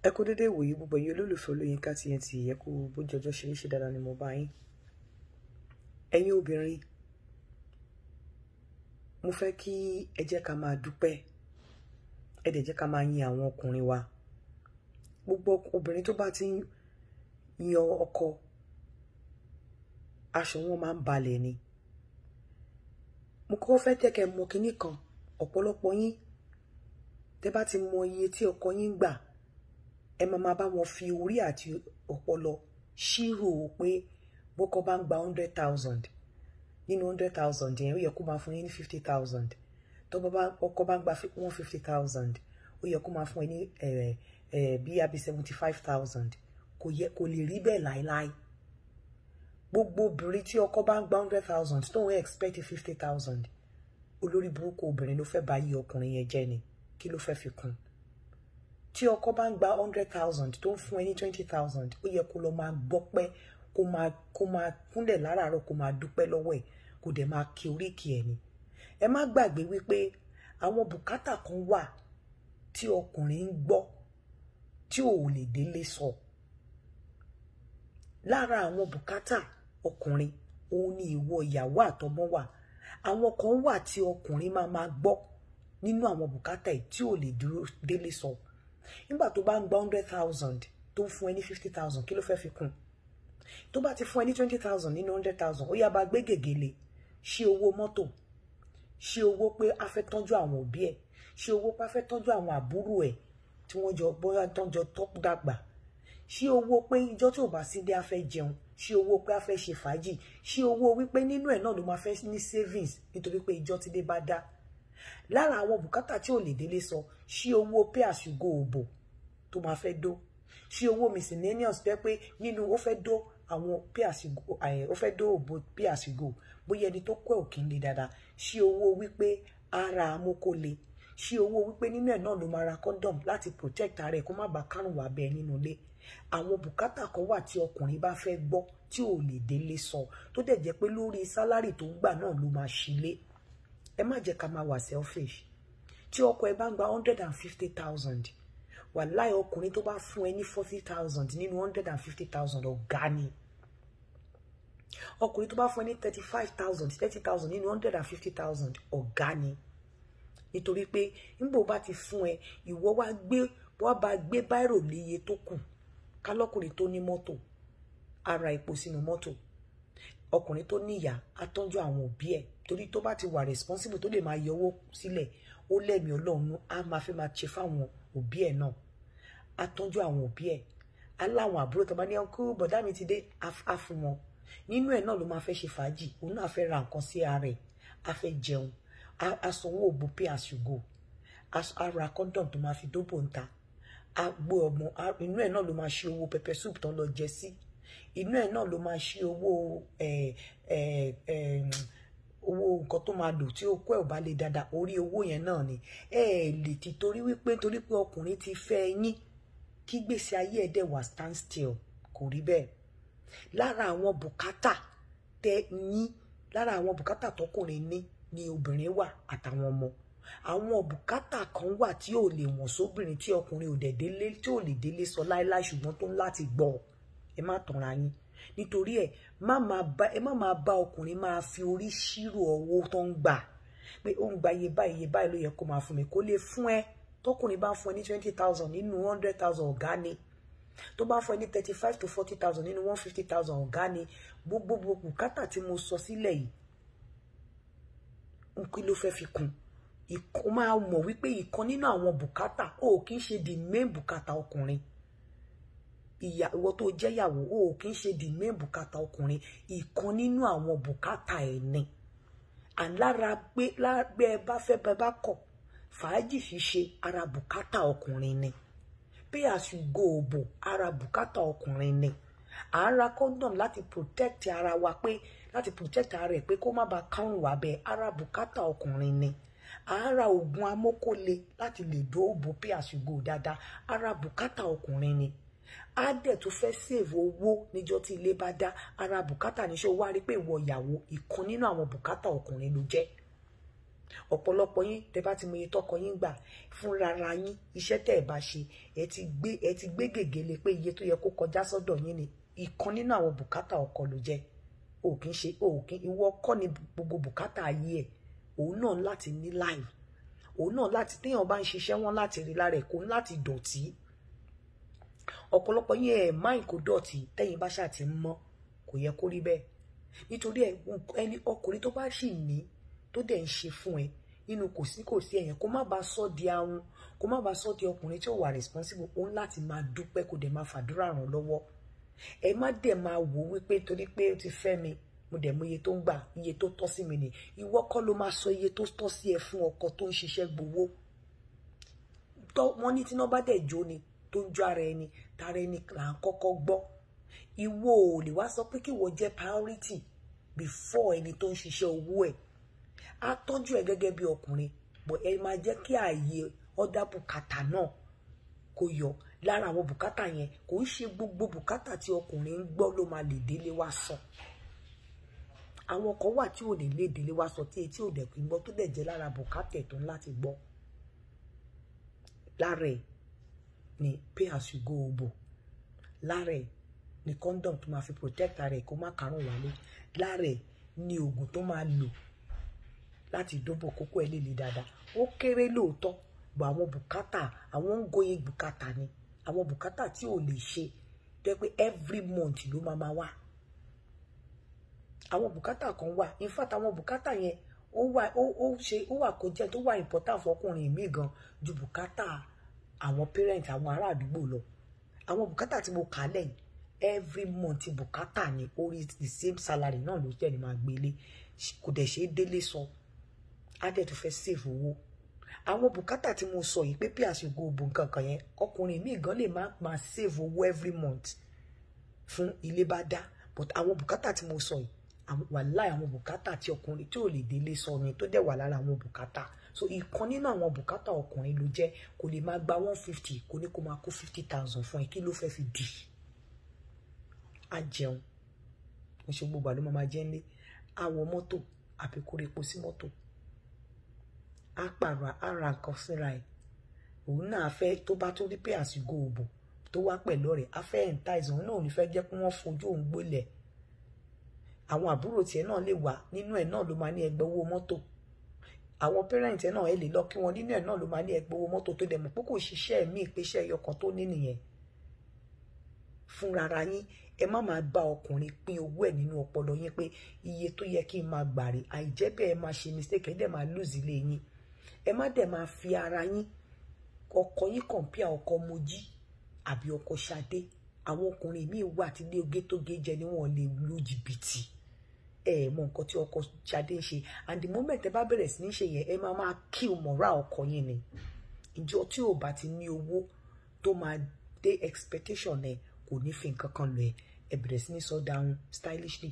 ẹ kú dédé ìwòyí gbogbo ẹ̀yin olólùfẹ́ olóyinka TNT ẹ kú bójú ọjọ́ ṣe ń ṣe dáadáa ni mo bá yín ẹ̀yin obìnrin mo fẹ́ kí ẹ jẹ́ ká máa dúpẹ́ ẹ dẹ̀ jẹ́ ká máa yin àwọn ọkùnrin wa gbogbo obìnrin tó bá ti yan ọkọ aṣọ wọn máa ń balẹ̀ ni mo kọ́kọ́ fẹ́ tẹ́kẹ̀ mọ kinní kan ọ̀pọ̀lọpọ̀ yín tẹ́ bá ti mọ iye tí ọkọ yín ń gbà ẹ máa máa bá wọn fi orí àti ọpọlọ ṣírò pé bọ́kọ bá ń gba hundred thousand nínú hundred thousand yẹn ó yẹ kó máa fún yín ní fifty thousand tọ́kọ bá ń gba one fifty thousand ó yẹ kó máa fún yín ní bí abi seventy five thousand kò yẹ kò lè rí bẹ́ẹ̀ láéláé gbogbo obìnrin tí ọkọ bá ń gba hundred thousand tó ń expect fifty thousand olórí burúkú obìnrin ló fẹ́ bá yí ọkùnrin yẹn jẹ́ ni kí ló fẹ́ fi kún un tí ọkọ bá ń gba hundred thousand tó ń fún ẹ ní twenty thousand ó yẹ kó lọ máa gbọ́pẹ́ kó máa kó máa kúnlẹ̀ láràárọ̀ kó máa dúpẹ́ lọ́wọ́ ẹ̀ kó dẹ̀ máa kí oríkì ẹ̀ ni ẹ má gbàgbé wípé àwọn bùkátà kan wà tí ọkùnrin ń gbọ́ tí ò lè délé sọ lára àwọn bùkátà ọkùnrin òun ni ìwọ ìyàwó àtọmọ wà àwọn kan wà tí ọkùnrin máa máa gbọ́ nínú àwọn bùkátà yìí tí ò lè dúró délé sọ. So nígbà tó bá ń gba hundred thousand tó ń fún ẹ ní fifty thousand kí ló fẹ́ fi kún tó bá ti fún ẹ ní twenty thousand nínú hundred thousand ó yá bá gbé gègéle ṣe owó mọ́tò ṣe owó pé a fẹ́ tọ́jú àwọn òbí ẹ̀ ṣe owó pé a fẹ́ tọ́jú àwọn àbúrò ẹ̀ tí wọ́n jọ bóyá tán jọ tọ́ dàgbà ṣé owó pé ìjọ tí ò bá sí dé a fẹ́ jẹun ṣé owó pé a fẹ́ ṣe fàájì ṣé owó wípé nínú ẹ̀ náà ló máa fẹ́ ní savings nítorí pé ìjọ tí dé bá dá lára àwọn bùkátà tí ò ní délé sọ ṣí owó pay as you go òbò tó máa fẹ́ dó ṣí owó miscellaneous fẹ́ pé nínú ó fẹ́ dó àwọn pay as you go eh, ó fẹ́ dó òbò pay as bóyá ẹni tó kọ́ òkè ńlẹ̀ dáadáa ṣí owó wípé ara amókòlè ṣí owó wípé nínú ẹ̀ náà ló máa ra condom láti protect ara ẹ̀ kó má bàa kárùn wá bẹ́ẹ̀ nínú ilé àwọn bùkátà kan wà tí ọkùnrin bá fẹ́ gbọ́ tí ò lè délé sọ tó dẹ̀ jẹ́ pé lórí sálárì tó ń gbà náà ló máa ṣílé ẹ má jẹ́ ká máa wà selfish tí ọkọ ẹ bá ń gba hundred and fifty thousand wàláì ọkùnrin tó bá fún ẹ ní forty thousand nínú hundred and fifty thousand ọ̀gá ni ọkùnrin tó bá fún ẹ ní thirty five thousand thirty thousand nínú hundred and fifty thousand ọ̀gá ni nítorí pé níbo bá ti fún ẹ ìwọ wá gbé wá bá gbé báírò léye tó kù kálọ́kùnrin tó ní mọ́tò ara epo sínú mọ́tò ọkùnrin tó níyà á tọ́jú àwọn òbí ẹ̀ torí tó bá ti wà responsible tó lè máa yọ owó sílẹ̀ ó lẹ́mìí ọlọ́run á máa fẹ́ máa ṣe fáwọn òbí ẹ̀ náà á tọ́jú àwọn òbí ẹ̀ aláwọn àbúrò tó bá ní ọkọ bọ̀dá mi ti dé á fún wọn nínú ẹ̀ náà ló máa fẹ́ ṣe fàájì òun náà fẹ́ ra nǹkan sí ara ẹ̀ á fẹ́ jẹun á sanwó òbò pay as you go á ra condom tó máa fi dóbò ń ta á gbé ọmọ inú ẹ̀ náà ló máa ṣe owó pepper soup tán lọ jẹ sí inú ẹ̀ náà ló máa ṣe owó ẹ̀ ẹ̀ ẹ̀ owó nǹkan tó máa lò tí okó ẹ̀ ò bá lè dáadáa orí owó yẹn náà ni ẹ lè ti torí wípé torí pé ọkùnrin ti fẹ́ yín kí gbèsè ayé ẹ̀ dẹ̀ wà stand still kò rí bẹ́ẹ̀ lára àwọn bùkátà tẹ yín lára àwọn bùkátà tọkùnrin ní ni obìnrin wà àtàwọn ọmọ àwọn bùkátà kan wà tí ò lè wọ̀n sóbìnrin tí ọkùnrin ò dẹ̀ délé tí ò lè délé sọ láéláé ṣùgbọ́n tó ń láti gbọ́ ẹ má tanra yín nítorí ẹ má máa bá ẹ má máa bá ọkùnrin máa fi orí ṣírò owó tó ń gbà pé ó ń gba iye báyìí iye báyìí ló yẹ kó máa fún mi kó lè fún ẹ tọkùnrin bá ń fún ẹ ní twenty thousand nínú hundred thousand ọ̀gá ni tó bá fún ẹ ní thirty five to forty thousand nínú one fifty thousand ọ̀gá ni gbogbo bùkátà tí mo sọ sílẹ̀ yìí n kí ló fẹ́ fi kún o máa mọ̀ wípé ìkan nínú àwọn bùkátà o kì í ṣe the main bùkátà ọkùnrin ìyá ìwọ tó jẹ́ ìyàwó o kì í ṣe the main bùkátà ọkùnrin ìkan nínú àwọn bùkátà ẹ̀ ni àlára gbé lágbẹ́ ẹ bá fẹ́ bẹ bá kọ̀ fàájì ṣíṣe ara bùkátà ọkùnrin ni pay as you go òbò ara bùkátà ọkùnrin ni à ń ra condom láti protect ara wa pé láti protect ara ẹ pé kó má bàa kárùn wá bẹ ara bùkátà ọkùnrin ni à ń ra oògùn amókòle láti lè dóòbò pay as you go dáadáa ara bùkátà ọkùnrin ni á dẹ̀ tó fẹ́ sèvò owó níjọ́ tí ilé bá dá ara bùkátà níṣẹ́ owó á rí pé ìwọ ìyàwó ìkan nínú àwọn bùkátà ọkùnrin ló jẹ́ ọ̀pọ̀lọpọ̀ yín tẹ bá ti mọ iye tọkọ yín gbà fúnra ara yín iṣẹ́ tẹ̀ ẹ̀ bá ṣe ẹ ti gbé ẹ ti gbé gègéle pé iye tó yẹ kó kọjá sọ́dọ̀ yín ni ìkan nínú àwọn bùkátà ọkọ ló jẹ́ o ṣe o kì í ìwọ kọ́ ni gbogbo bùkátà ayé ẹ̀ òun náà láti ní láì òun náà láti téèyàn bá ń ṣiṣẹ́ wọn láti rí lára ẹ̀ kó láti dọ̀tí ọ̀pọ̀lọpọ̀ yín ẹ̀ máìn kò dọ̀tí tẹ́yìn bá ṣáà ti ń mọ́ kò yẹ kó rí bẹ́ẹ̀ nítorí ẹni ọkùnrin tó bá sì ní tó dẹ̀ ń ṣe fún ẹ nínú kò sí kò sí ẹ̀yẹn kó má bàa sọ di ahun kó má bàa sọ di ọkùnrin tí ò wà responsible òun láti máa dúpẹ́ kó dẹ̀ máa fàdúrà ràn lọ́wọ́ ẹ má dẹ̀ máa wò wípé torí pé ó ti fẹ́ mi mo dẹ̀ mọ iye tó ń gbà iye tó tọ́ sí mi ni ìwọ kọ́ ló máa sọ iye tó tọ́ sí ẹ fún ọkọ tó ń ṣiṣẹ́ gbowó wọ́n ní tí iná bá dẹ̀ jó ni tó ń jó ara ẹni tara ẹni là ń kọ́kọ́ gbọ́ ìwọ ò lè wá sọ pé kí ìwọ jẹ́ priority before ẹni tó ń ṣiṣẹ́ owó ẹ̀ á tọ́jú ẹ gẹ́gẹ́ bí ọkùnrin bọ̀ ẹ máa jẹ́ kí ààyè ọ̀dà bùkátà náà kó yọ lára àwọn bùkátà yẹn kò ń ṣe gbogbo bùkátà tí ọkùnrin ń gbọ́ ló máa lè délé wá sọ àwọn kan wà tí ò lè lè délé wá sọ tí etí ò dẹ̀ gbọ́ tó dẹ̀ jẹ́ lára bùkátà tó ń láti gbọ́ lára ẹ̀ ni pay as you go òbò lára ẹ̀ ni condom tó máa fi protect ara ẹ̀ kó má karùn wálé lára ẹ̀ ni oògùn tó máa lò láti dóbò kókó ẹ̀ lè le dáadáa ó kéré lóòótọ́ bọ̀ àwọn bùkátà àwọn ń goye bùkátà ni àwọn bùkátà tí ò lè ṣe jẹ́ pé every month ló máa máa wá àwọn bùkátà kan wà in fact àwọn bùkátà yẹn ó wà ó ó ṣe ó wà kó jẹ́ tó wà important fọkùnrin mi gan ju bùkátà àwọn parent àwọn ará àdúgbò lọ àwọn bùkátà tí mo kà lẹ́yìn every month bùkátà ni orí the same salary náà ló jẹ́ ni máa gbélé kò dẹ̀ ṣe é délé sọ adẹ́tù fẹ́ save owó àwọn bùkátà tí mo sọ yìí pé pí àṣègùn òbò nǹkan kan yẹn ọkùnrin míì gan lè má máa save owó every month fún ilé bá dá but àwọn bùkátà tí mo sọ yìí wàláì àwọn bùkátà tí ọkùnrin tí ò lè délé sọ ni tó dẹ̀ wà lára àwọn bùkátà so ìkan nínú àwọn bùkátà ọkùnrin ló jẹ́ kò lè máa gba one fifty kò ní kó máa kó fifty thousand fún ẹ kí ló fẹ́ẹ́ fi dì í á jẹun mo ṣe gbogbo àlọ́ máa jẹ́ nílé á wọ mọ́tò àbí kórè epo sí mọ́tò á pààrọ̀ á ra nǹkan síra ẹ̀ òun náà fẹ́ tó bá tó rí pé àsìkò òbò tó wá pẹ̀lú ọ̀rẹ́ á fẹ́ entice òun náà ò ní fẹ́ jẹ́ pé wọ́n fojú òun gbólẹ̀ àwọn àbúrò tiẹ̀ náà lè wà nínú ẹ̀ náà ló máa ní ẹgbẹ́ owó mọ́tò àwọn pẹ́rẹ́ǹtì náà ẹ lè lọ kí wọn nínú ẹ̀ náà ló máa ní ẹgbẹ́ owó mọ́tò tó dẹ̀ mọ̀ pé kò ṣiṣẹ́ míì pé ẹyọkan tó ní nìyẹn fúnrara yín ẹ má máa bá ọkùnrin pín owó ẹ̀ nínú ọpọlọ yín pé iye tó yẹ kí n máa gbà rè àìjẹ́ bẹ́ẹ̀ ẹ máa ṣe mistake ẹ dẹ̀ máa lose ilé yín ẹ má dẹ̀ máa fi ara yín ọkọ yín compare ọkọ mojí àbí ọkọ ṣadé àwọn ọkùnrin míì wà tí ilé ogé jẹ ni wọn lè lu jìbìtì ẹ mọ nǹkan tí ọkọ Ṣadé ń ṣe and the moment ẹ bá bẹ̀rẹ̀ sí ní ṣe yẹn ẹ máa máa kill moral ọkọ yín ni ìjọ tí ò bá ti ní owó tó máa dé expectation ẹ kò ní fi nǹkan kan lọ ẹ ẹ bẹ̀rẹ̀ sí ní sọ dáhùn stylishly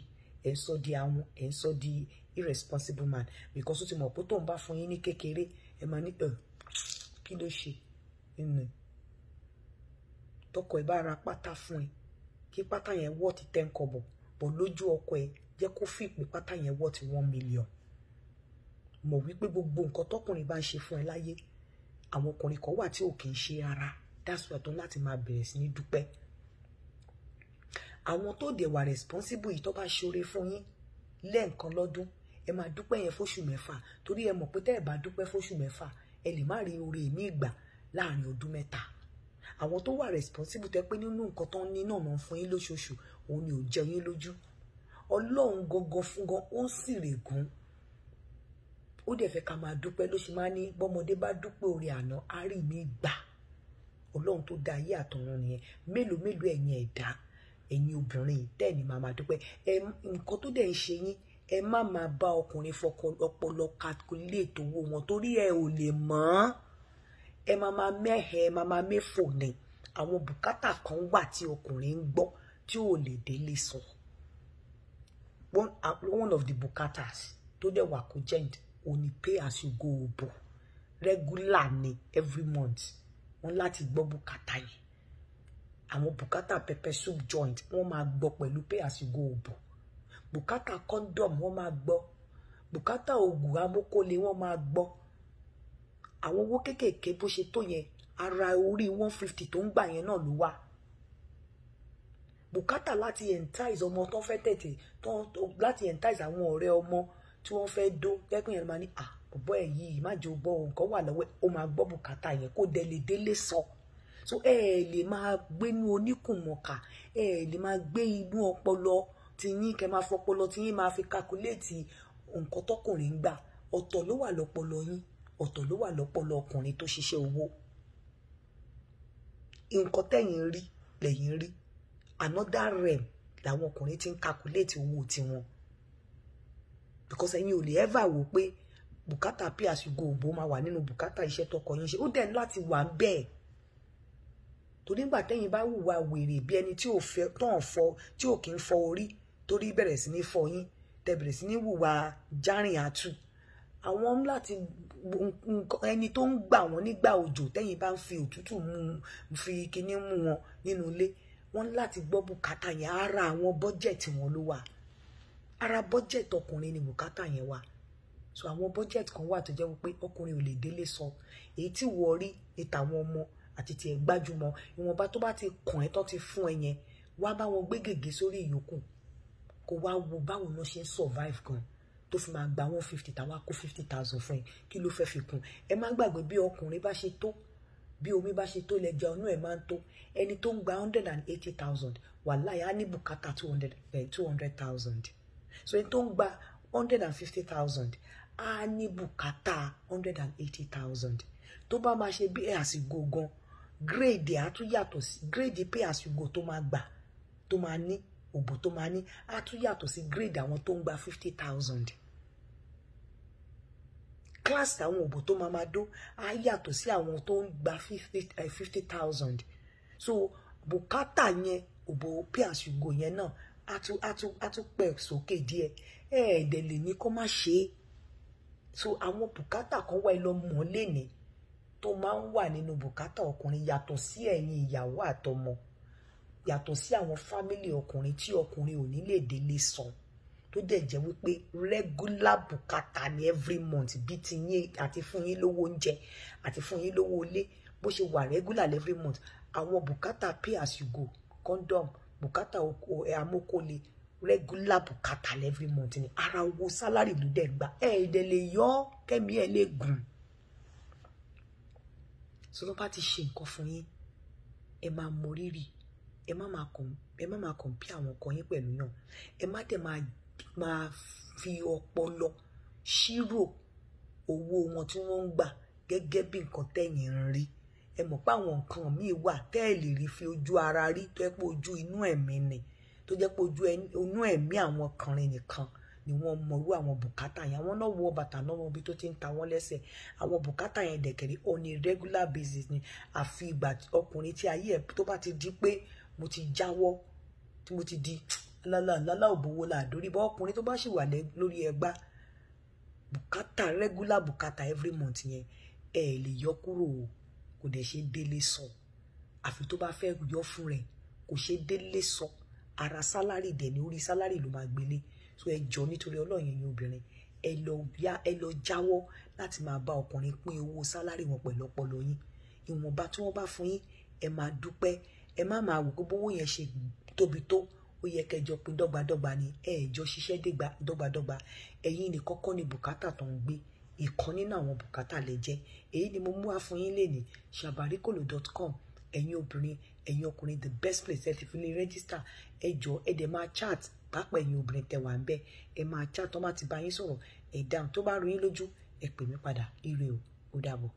ẹ ń sọ di àwọn ẹ ń sọ di irresponsible man because ó ti mọ̀ pé tóun bá fún yín ní kékeré ẹ máa ní kí ló ṣe nínú tọkọ ẹ bá ra pátá fún ẹ kí pátá yẹn wọ́ọ̀tì tẹ́ bọ̀ lójú ọkọ ẹ jẹ́ kó fi ìpè pátá yẹn wọ́ one million mọ̀ wípé gbogbo nǹkan tọkùnrin bá ń ṣe fún ẹ láyé àwọn ọkùnrin kan wà tí ò kì í ṣe ara that's why tó láti máa bẹ̀rẹ̀ sí ní dúpẹ́ àwọn tó dẹ̀ wà responsible yìí tó bá ṣoore fún yín lẹ́ẹ̀kan lọ́dún ẹ máa dúpẹ́ yẹn fóṣù mẹ́fà torí ẹ mọ̀ pé tẹ́ ẹ bá dúpẹ́ fóṣù mẹ́fà ẹ lè má rí oore mi ìgbà láàrin ọdún mẹ́ta àwọn tó wà responsible tẹ́ pé nínú nǹkan tó ń ní náà máa ń fún yín lóṣooṣù òun ni ò jẹ yín lójú ọlọ́run gangan fún gan ó ń sì règún ó dẹ̀ fẹ́ ká máa dúpẹ́ ló ṣe máa ní bọ́mọdé bá dúpẹ́ orí àná á rí mi gbà ọlọ́run tó dá ayé àtọ̀run nìyẹn mélòó mélòó ẹ̀yin ẹ̀dá ẹ̀yin obìnrin tẹ́ẹ̀ni máa máa dúpẹ́ ẹ nǹkan tó dẹ̀ ń ṣe yín ẹ má máa bá ọkùnrin fọpọlọ kàkúlẹ̀tì owó wọn torí ẹ ò lè mọ̀ ẹ máa máa mẹ́hẹ̀ẹ́ ẹ máa máa mẹ́fò ni àwọn bùkátà kan wà tí ọkùnrin ń gbọ́ tí ò lè délé sọ̀rọ̀ one, uh, one of the bukatas tó dẹ̀ wà gent ò pay as you go bọ̀ regular ni every month wọ́n láti gbọ́ bùkátà yẹn àwọn bùkátà pepper soup joint wọ́n máa gbọ́ pẹ̀lú pay as you go bọ̀ bùkátà condom wọ́n máa gbọ́ bùkátà oògùn amókólé wọ́n máa gbọ́ àwọn owó kéékèèké bó ṣe tó yẹn ara orí one fifty tó ń gbà yẹn náà ló bùkátà láti entice ọmọ tó fẹ́ tètè láti entice àwọn ọ̀rẹ́ ọmọ tí wọ́n fẹ́ dó lẹ́kùn yẹn máa ní à bọ́ ẹ̀ yìí má jẹ́ gbọ́ nǹkan wà lọ́wọ́ ó máa gbọ́ bùkátà yẹn kó délé délé sọ so ẹ ẹ lè máa gbénú oníkùnmọ̀kà ẹ ẹ lè máa gbé inú ọpọlọ tiyín kẹ máa fọpọlọ tiyín máa fi kakuléètì nǹkan tọkùnrin gbà ọ̀tọ̀ ló wà lọ́pọlọ yín ọ̀tọ̀ ló wà lọ́pọlọ ọkùnrin tó ṣiṣẹ́ owó nǹkan tẹ̀yìn rí lẹ́yìn rí another realm làwọn ọkùnrin ti ń calculate owó tiwọn because ẹ̀yin ò lè ever wò pé bùkátà pay as you go òbó máa wà nínú bùkátà iṣẹ́ tọkọ yín ṣe ó dẹ̀ láti wà bẹ́ẹ̀ torí nígbà tẹ́yìn bá hùwà wèrè bí ẹni tí ò fẹ́ tán fọ tí ò kì í fọ orí torí bẹ̀rẹ̀ sí ní fọ yín tẹ bẹ̀rẹ̀ sí ní hùwà járìn àtù àwọn láti ẹni tó ń gbà wọ́n nígbà òjò tẹ́yìn bá ń fi òtútù mú fi kinní mú wọn nínú ilé wọ́n ní láti gbọ́ bùkátà yẹn ara àwọn bọ́jẹ̀tì wọn ló wà ara bọ́jẹ̀tì ọkùnrin ni bùkátà yẹn wà so àwọn bọ́jẹ̀tì kan wà tó jẹ́ wípé ọkùnrin ò lè délé sọ èyí tí wọ́n rí ìtàwọn ọmọ àti tiẹ̀ gbájúmọ́ ìwọ̀nba tó bá ti kàn ẹ́ tó ti fún ẹ yẹn wá bá wọn gbé gègé sórí ìyókù kó wá wo báwo ló ṣe ń survive gan tó fi máa gba one fifty táwa kó fifty thousand fún ẹ kí ló fẹ́ fi kún ẹ má gbàgbé bí ọkùnrin bá ṣe tó bí omi bá ṣe tó lẹ́jà ọ̀nà ẹ̀ máa ń tó ẹni tó ń gba hundred and eighty thousand wàláyà á ní bùkátà two hundred eh, two hundred thousand so ẹni tó ń gba hundred and fifty thousand á ní bùkátà hundred and eighty thousand tó bá máa ṣe bí àsìkò gan gírèdì àtúnyàtọ̀ sí gírèdì pé àsìkò tó máa gbà tó máa ní òbò tó máa ní àtúnyàtọ̀ sí gírèdì àwọn tó ń gba fifty thousand class àwọn òbò tó máa máa dó á yàtọ̀ sí àwọn tó ń gba fifty eh, thousand so bùkátà yẹn òbò pay as you go yẹn náà á tún á tún á tún pẹ̀ sókè díẹ̀ ẹ̀ ẹ̀dẹ̀ lè ní kó má ṣe é so àwọn bùkátà kan wá ilọ́ mọ́ lẹ́nìí tó máa ń wà nínú bùkátà ọkùnrin yàtọ̀ sí ẹ̀yin ìyàwó àtọmọ yàtọ̀ sí àwọn fámìlì ọkùnrin tí ọkùnrin ò ní lè délé san. So tó dẹ̀ jẹ́ wípé regular bùkátà ni every month bí ti yín àti fún yín lówó oúnjẹ àti fún yín lówó ilé bó ṣe wà regular every month àwọn bùkátà pay as you go condom bùkátà eh, amókòlè regular bùkátà every month ni ara owó salary ló dẹ̀ gbà ẹ̀ ẹ̀dẹ̀ lè yọ ọ́ kẹ́mi ẹ̀ lè gùn so tó bá ti ṣe nǹkan fún yín ẹ máa mọ rírì ẹ má máa kàn ẹ má máa kàn bí àwọn ọkọ yín pẹ̀lú yàn ẹ má dẹ̀ máa máa fi ọpọlọ ṣírò owó wọn tí wọ́n ń gbà gẹ́gẹ́ bí nǹkan tẹ̀yìn ń rí ẹ mọ̀ pé àwọn nǹkan míì wà tẹ́ẹ̀lì rí fi ojú ara rí tó jẹ́ pé ojú inú ẹ̀mí ni tó jẹ́ pé ojú inú ẹ̀mí àwọn ọkùnrin nìkan ni wọ́n mọrú àwọn bùkátà yẹn àwọn náà wọ bàtà náà wọn bí tó ti ń ta wọ́n lẹ́sẹ̀ àwọn bùkátà yẹn dẹ̀kẹ̀rẹ̀ on a regular basis ni àfi ìgbà ọkùnrin tí ayé ẹ̀ tó bá ti di pé mo ti jáwọ́ tí mo ti di lálá lálá òbówó làdórí bọ́ ọkùnrin tó bá sì wà lórí ẹgbá bùkátà regular bùkátà every month yẹn ẹ lè yọ kúrò o kò dẹ̀ ṣe délé sọ àfi tó bá fẹ́ yọ fún rẹ̀ kò ṣe délé sọ ara sálárì dẹ̀ ní orí sálárì ló máa gbélé so ẹ jọ nítorí ọlọ́yin yín obìnrin ẹ lọ yá ẹ lọ jáwọ́ láti máa bá ọkùnrin pín owó sálárì wọn pẹ̀lú ọpọlọ yín ìwọ̀nba tí wọ́n bá fún yín ẹ máa dúpẹ́ ẹ má máa wò gbogbo owó yẹn ṣe tóbi tó ó yẹ kẹjọ pín dọ́gbadọ́gba ni ẹ̀ẹ́jọ ṣiṣẹ́ dọ́gbadọ́gba ẹ̀yin nìkan kọ́ ni bùkátà tó ń gbé ìkan nínú àwọn bùkátà lè jẹ́ èyí ni mo mú wá fún yín lénìí sabarikolo dot com ẹ̀yin obìnrin ẹ̀yin ọkùnrin the best place ẹ ti fi lè register ẹ jọ ẹ dẹ̀ máa chat pàápàá ẹ̀yin obìnrin tẹ̀wà ń bẹ́ ẹ máa chat tó má ti bá yín sọ̀rọ̀ ẹ dáhùn tó bá rú yín lójú ẹ pè mí padà ire o ó dàbọ̀.